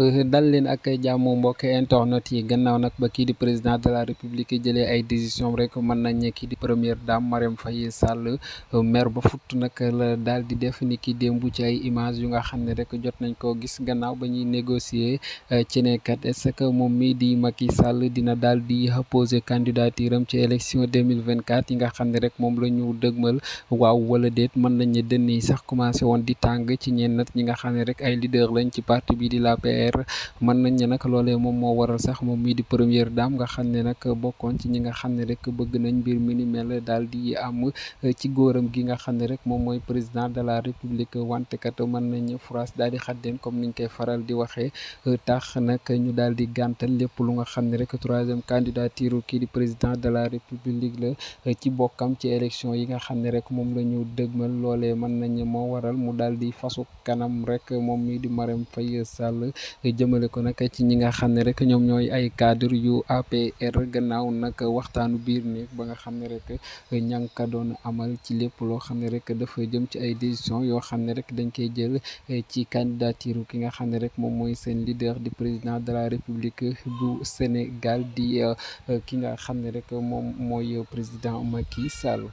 Euh, dal leen ak jàmm mbokk internet yi gannaaw nag ba kii di président de la république jëlee ay décision rek mën nañ kii di première dame Marème Faye Sall euh, maire ba futt nag la daal di def ni ki démb ci ay image yu nga xam ne rek jot nañ koo gis gannaaw ba ñuy négocier euh, ci ne kat moom mii di Macky Sall dina daal di poser candidature am ci élection 2024 yi nga xam ne rek moom la ñu dëgmal waaw wala déet mën nañ ne dënn yi sax commencé woon di tàng ci ñenn nag ñi nga ci parti APR mën nañ ne nag loolee moom moo waral sax moom mii di première daam nga xam ne nag bokkoon ci ñi nga xam ne rek bëgg nañ mbir mi la mel daal di am eh, ci góoram gi nga xam ne rek moom mooy président de la république wante kat mën nañ France daal di xaddeen comme niñ koy faral di waxee eh, tax nag ñu daal di gàntal lépp lu nga xam ne rek troisième candidature kii di président de la république la eh, ci bokkam ci élection yi nga xam ne rek moom la ñu dëgmal mën nañ moo waral mu daal di fasu kanam rek moom mii di Marème Faye Sall jëmale ko nag ci ñi nga xam ne rek ñoom ñooy ay cadre yu APR gannaaw nag waxtaanu biir néeg ba nga xam ne rek ña ngi doon amal ci lépp loo xam ne rek dafa jëm ci ay décision yoo xam ne rek dañ koy jël eh, ci candidature ki nga xam ne rek moom mooy seen leader di président de la république bu Sénégal di eh, ki nga xam ne rek mooy président Macky Sall.